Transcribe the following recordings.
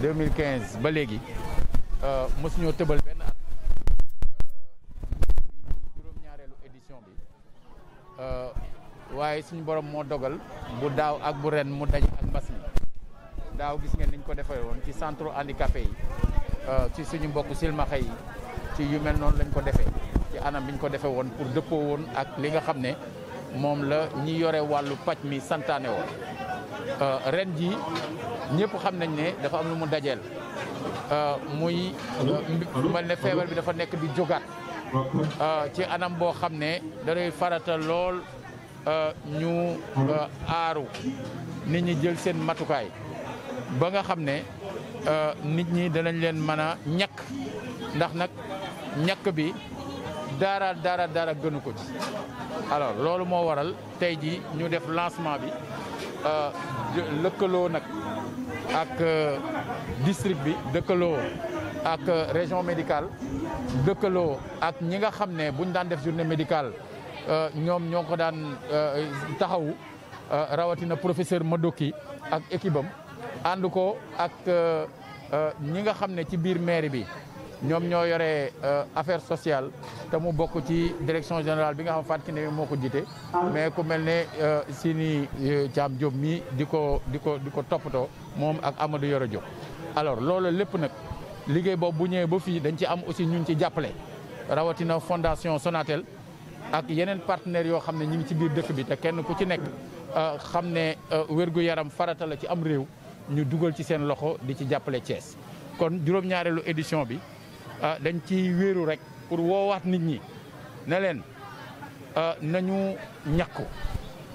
2015 ba léegi euh, mosuñoo tëbal benn at euh, juróom-ñaareelu édition bi euh, waaye suñu borom moo dogal bu daaw ak bu ren mu daje ak mbas mi daaw gis ngeen niñ ko defee woon ci andi handicapé yi ci suñu mbokk silmaxa yi ci yu mel noonu lañ ko defee ci anam biñ ko defee woon pour dëppoo woon ak li nga xam ne moom la ñi yore wàllu paj mi santaane woon Euh, ren ji ñëpp xam nañ ne dafa am lu mu dajeel euh, muy euh, mel ne feebar bi dafa nekk di jógaat ci anam boo xam ne danay farata lool ñu aaru nit ñi jël seen matukaay ba nga xam ne nit ñi danañ leen mën a ñàkk ndax nag ñàkk bi daara dara dara gënu ko ci alors loolu moo waral tey ji ñu def lancement bi euh, lëkkaloo nag ak euh, district bi dëkkaloo ak euh, région médical dëkkaloo ak ñi nga xam ne buñ daan def journée médicale ñoom ñoo ko daan taxawu rawatina professeur Madoki ak équipe am ànd ko ak ñi nga xam ne ci biir mairie bi ñoom ñoo yore euh, affaire sociale te mu bokk ci direction générale bi nga xam Fatou Kiné moo ko jiite mais ku mel ne euh, Sini euh, Thiam Diop mii di ko di ko di ko toppatoo moom ak Amadou yore Diop alors loolu lépp nag liggéey boobu bu ñëwee ba fii dañ ci am aussi ñun ci jàppale rawatina fondation Sonatel ak yeneen partenaires yoo xam ne ñu ngi ci biir dëkk bi te kenn ku ci nekk xam ne wér yaram farata ci am réew ñu dugal ci seen loxo di ci jàppale cees kon juróom-ñaareelu édition bi Ah, dañ ci wéeru rek pour woowaat nit ñi ne leen ah, nañu ñàkku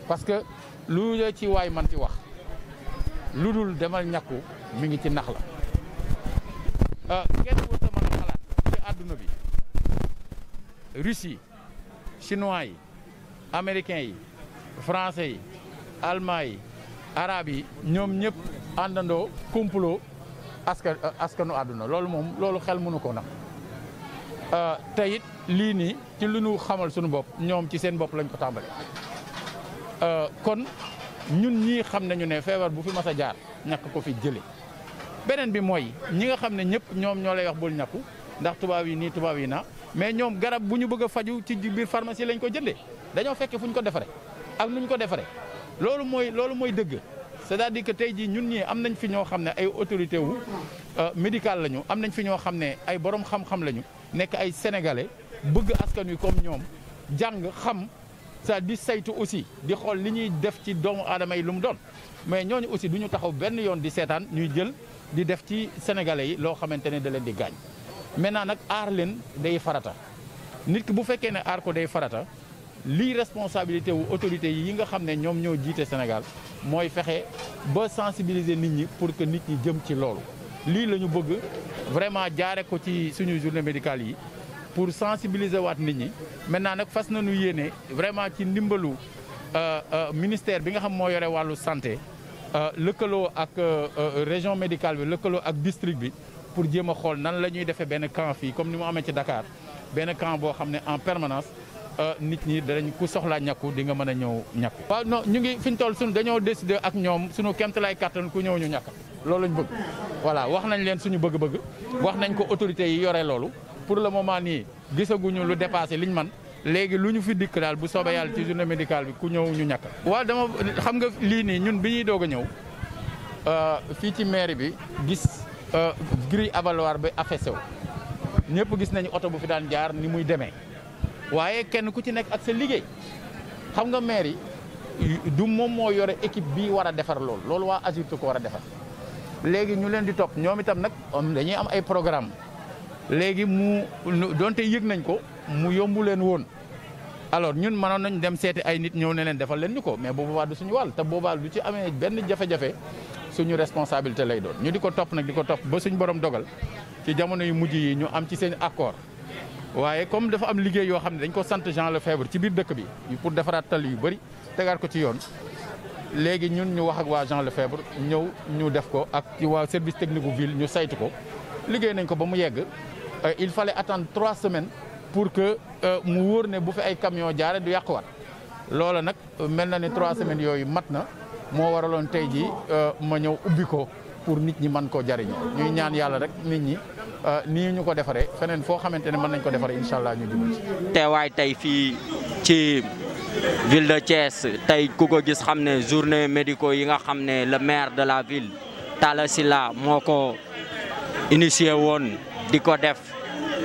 parce que lu la ci waay man ci wax lu dul demal ñakku mi ngi ci nax la ah, kenn warta mën a xalaat ci àdduna bi Russie chinois yi américains yi français yi allemand yi arabe yi ñoom ñëpp àndandoo complot askan euh, askanu àdduna loolu moom loolu xel munu ko nag euh, te it lii nii ci lu ñu xamal suñu bopp ñoom ci seen bopp lañ ko tàmbale euh, kon ñun ñii xam nañu ne feebar bu fi mas a jaar ñàkk ko fi jële beneen bi mooy ñi nga xam ne ñëpp ñoom ñoo lay wax bul ñàkku ndax tubaab yi nii tubaab yi na mais ñoom garab bu ñu bëgg a faju ci biir pharmacie lañ ko jënde dañoo fekke fu ñu ko defaree ak nu ñu ko defaree loolu mooy loolu mooy dëgg cest à que tey jii ñun ñii am nañ fi ñoo xam ne ay autorité wu euh, médical lañu am nañ fi ñoo xam ne ay borom xam-xam lañu nekk ay sénégalais bëgg askan wi comme ñoom jàng xam sa di saytu aussi di xool li ñuy def ci doomu aadama yi lu mu doon mais ñooñu aussi du ñu taxaw benn yoon di seetaan ñuy jël di def ci sénégalais yi loo xamante ne da leen di gaañ maintenant nag aar leen day farata nit ki bu fekkee ne aar ko day farata. lii responsabilité wu autorité yi yi nga xam ne ñoom ñoo jiite Sénégal mooy fexe ba sensibiliser nit ñi pour que nit ñi jëm ci loolu lii la ñu bëgg vraiment jaare ko ci suñu journée médicale yi pour sensibiliser waat nit ñi maintenant nag fas nañu yéene vraiment ci ndimbalu euh, euh, ministère bi nga xam moo yore wàllu santé euh, lëkkaloo ak région médical bi lëkkaloo ak district bi pour jéem a xool nan la ñuy defee benn camp fii comme ni mu amee ci Dakar benn camp boo xam ne en permanence Euh, nit ñi danañ ku soxlaa ñàkku di nga mën a ñëw ñàkku waaw non ñu ngi fi ñu toll suñu dañoo décider ak ñoom suñu kemtalaay kàttan ku ñëw ñu ñàkk loolu lañ bëgg voilà wax nañ leen suñu bëgg-bëgg wax nañ ko autorité yi yore loolu pour le moment nii gisaguñu lu dépassé liñ man léegi lu ñu fi dikk daal bu soobee yàlla ci journée médical bi ku ñëw ñu ñàkk waa dama xam nga lii nii ñun bi ñuy doog a ñëw euh, fii ci mairie bi gis euh, grille avaloir bi affaissé ñëpp gis nañu oto bu fi daan jaar ni muy demee waaye kenn ku ci nekk ak sa liggéey xam nga maire du moom moo yore équipe bi war a defar loolu loolu waa AGEROUTE ko war a defar léegi ñu leen di topp ñoom itam nag dañuy am ay programme léegi mu donte yëg nañ ko mu yombu leen woon alors ñun mënoon nañ dem seete ay nit ñëw ne leen defal leen ñu ko mais bu boobaa du suñu wàll te boobaa du ci amee benn jafe-jafe suñu responsabilité lay doon ñu di ko topp nag di ko topp ba suñu borom dogal ci jamono yu mujj yi ñu am ci seen accord waaye comme dafa am liggéey yoo xam ne dañ ko sant Jean Lefebvre ci biir dëkk bi pour defaraat tali yu bëri tegaat ko ci yoon léegi ñun ñu wax ak waa Jean Lefebvre ñëw ñu def ko ak waa service technique bu ville ñu saytu ko liggéey nañ ko ba mu yegg euh, il fallait attendre trois semaines pour que euh, mu wóor ne bu fi ay camion jaare du yàquwaat loola nag euh, mel na ne trois semaines yooyu mat na moo waraloon tey jii ma ñëw ubbi ko pour nit ñi mën koo jariñoo ñuy ñaan yàlla rek nit ñi euh, nii ñu ko defaree feneen foo xamante ne mën nañ ko defaree incha allah ñu jubal ci. teewaay tey fii ci ville de Thiès tey ku ko gis xam ne journée médicaux yi nga xam ne le maire de la ville Talla Sylla moo ko initié woon di ko def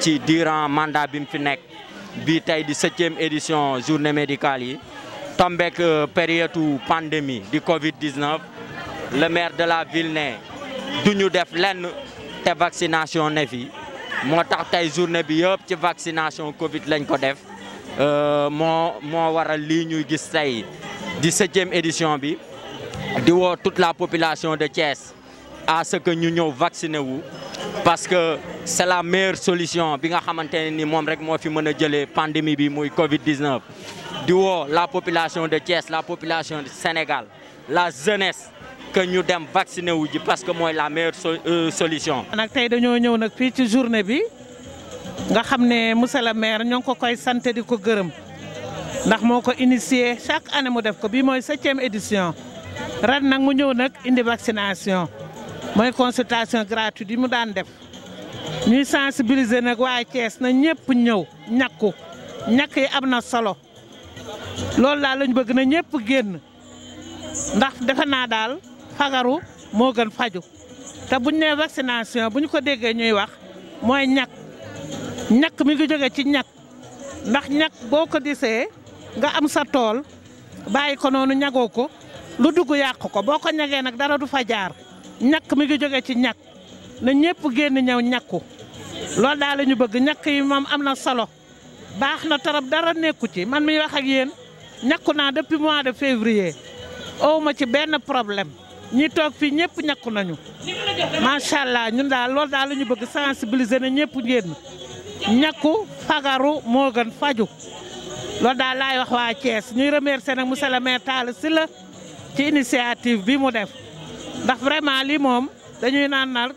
ci durant mandat bi mu fi nekk bi tey di septième édition journée médicale yi tombeek euh, période pandémie di Covid 19. le maire de la ville ne du ñu def lenn te vaccination ne fi moo tax tey journée bi yëpp ci vaccination Covid lañ ko def euh, moo moo waral lii ñuy gis tey di septième édition bi di woo toute la population de Thiès à ce que ñu ñëw vaccinewu parce que c' la meilleure solution bi nga xamante ne ni moom rek moo fi mën a jëlee pandémie bi muy Covid 19. di woo la population de Thiès la population du Sénégal la jeunesse. que ñu dem vacciner wu ji parce que mooy la meilleure euh, solution. nag tey dañoo ñëw nag fii ci journée bi nga xam ne monsieur le maire ñoo ngi ko koy sant di ko gërëm ndax moo ko initié chaque année mu def ko bii mooy septième édition ren nag mu ñëw nag indi vaccination mooy consultation gratuite yi mu daan def ñuy sensibiliser nag waaye Thiès na ñëpp ñëw ñakku ñakk yi am na solo loolu daal lañ bëgg na ñëpp génn ndax defe naa daal fagaru moo gën faju te buñ nee vaccination bu ñu ko déggee ñuy wax mooy ñàkk ñàkk mi nga jóge ci ñàkk ndax ñàkk boo ko disee nga am sa tool bàyyi ko noonu ñagoo ko lu dugg yàq ko boo ko ñagee nag dara du fa jaar ñàkk mi ngi jóge ci ñàkk na ñëpp génn ñaw ñàkku loolu daal ñu bëgg ñàkk yi moom am na solo baax na torop dara nekku ci man mi wax ak yéen ñàkku naa depuis mois de février aw ma ci benn problème ñi toog fii ñëpp ñàkku nañu macha allah ñun daal loolu daal la ñu bëgg sensibiliser na ñëpp ngeen ñàkku fagaru moo gën faju loolu daal laay wax waa Thiès ñuy remercier nag monsieur le maire Talla Sylla ci initiative bi mu def ndax vraiment lii moom dañuy naan nar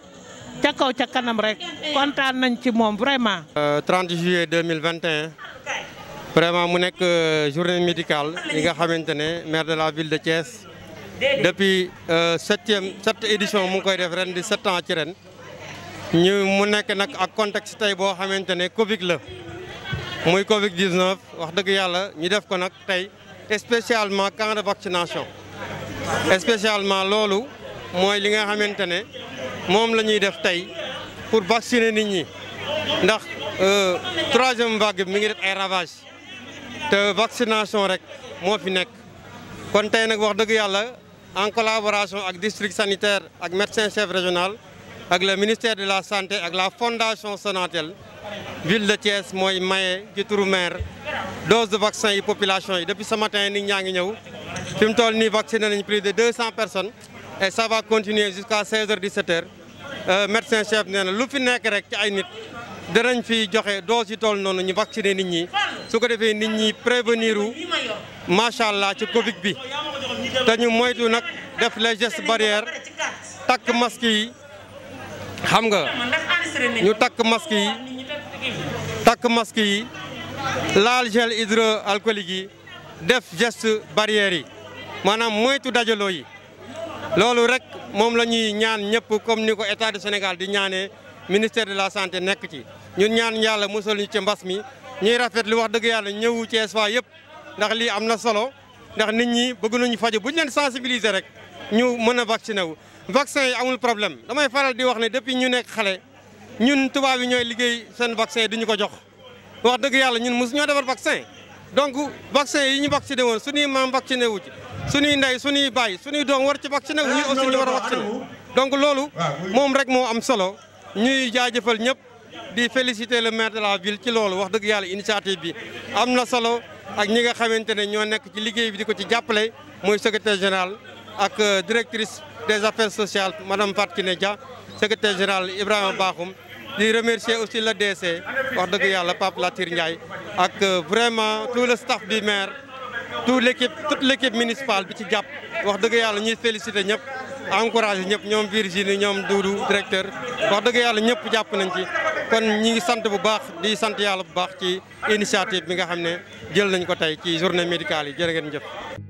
ca kaw ca kanam rek kontaan nañ ci moom vraiment. 30 euh, juillet 2021 vraiment mu nekk euh, journée médicale yi nga xamante ne maire de la ville de Thiès. depuis euh, septième sept édition mu ngi koy def ren di sept ans ci ren mu nekk nag ak contexte tey boo xamante ne Covid la muy Covid wax dëgg yàlla ñu def ko nag tey spécialement camp de vaccination spécialement loolu mooy li nga xamante ne moom la ñuy def tey pour vacciner nit ñi ndax euh, troisième vague bi mi ngi def ay ravage te vaccination rek moo fi nekk kon tey nag wax dëgg yàlla en collaboration ak district sanitaire ak médecin chef régional ak le ministère de la santé ak la fondation Sonatel ville de Thiès mooy maye ci turu maire dose de vaccin yi population yi depuis ce matin nit ñaa ngi ñëw fi mu toll nii vacciné nañ plus de 200 personnes et ça va continuer jusqu'à 16 heures 17 heures euh, médecin chef nee lu fi nekk rek ci ay nit danañ fi joxe dose yi toll noonu ñu vacciner nit ñi su ko defee nit ñi prévenir u macha allah ci Covid bi te ñu moytu nag def le gestes barrières takk masque yi xam nga ñu takk masque yi takk masque yi laal gel hydroalcoolique yi def geste barrières yi maanaam moytu dajaloo yi loolu rek moom la ñuy ñaan ñëpp comme ni ko état du Sénégal di ñaanee ministère de la sante nekk ci ñun ñaan yàlla musal ñu ci mbas mi ñuy rafet lu wax dëgg yàlla ñëwu ci Cees yëpp ndax lii am na solo ndax nit ñi bëgg nañu faju bu ñu leen sensibiliser rek ñu mën a vacciné wu. vaccin yi amul problème damay faral di wax ne depuis ñu nekk xale ñun tubaab yi ñooy liggéey seen vaccin duñu ko jox wax dëgg yàlla ñun mosu ñoo defar vaccin. donc vaccin yi ñu vacciné woon suñuy maam vacciné wu ci suñuy ndey suñuy baay suñuy doom war ci vacciné wu ñu aussi ñu war a vacciné donc loolu moom rek moo am solo ñuy jaajëfal ñëpp di féliciter le maire de la ville ci loolu wax dëgg yàlla initiative bi am na solo. ak ñi nga xamante ne ñoo nekk ci liggéey bi di ko ci jàppale mooy secrétaire général ak euh, directrice des affaires sociales madame Fatkine Dia secrétaire général Ibrahima Bakhoum di remercier aussi la DC wax dëgg yàlla Pape Latir Ndiaye ak euh, vraiment tout le staff du maire tout l'équipe toute l'équipe municipale bi ci jàpp wax dëgg yàlla ñuy féliciter ñëpp encourager ñëpp ñoom Virginie ñoom Doudou directeur wax dëgg yàlla ñëpp jàpp nañ ci kon ñi ngi sant bu baax di sant yàlla bu baax ci initiative bi nga xam ne jël nañ ko tey ci journée médicale yi jërë ngeen jëf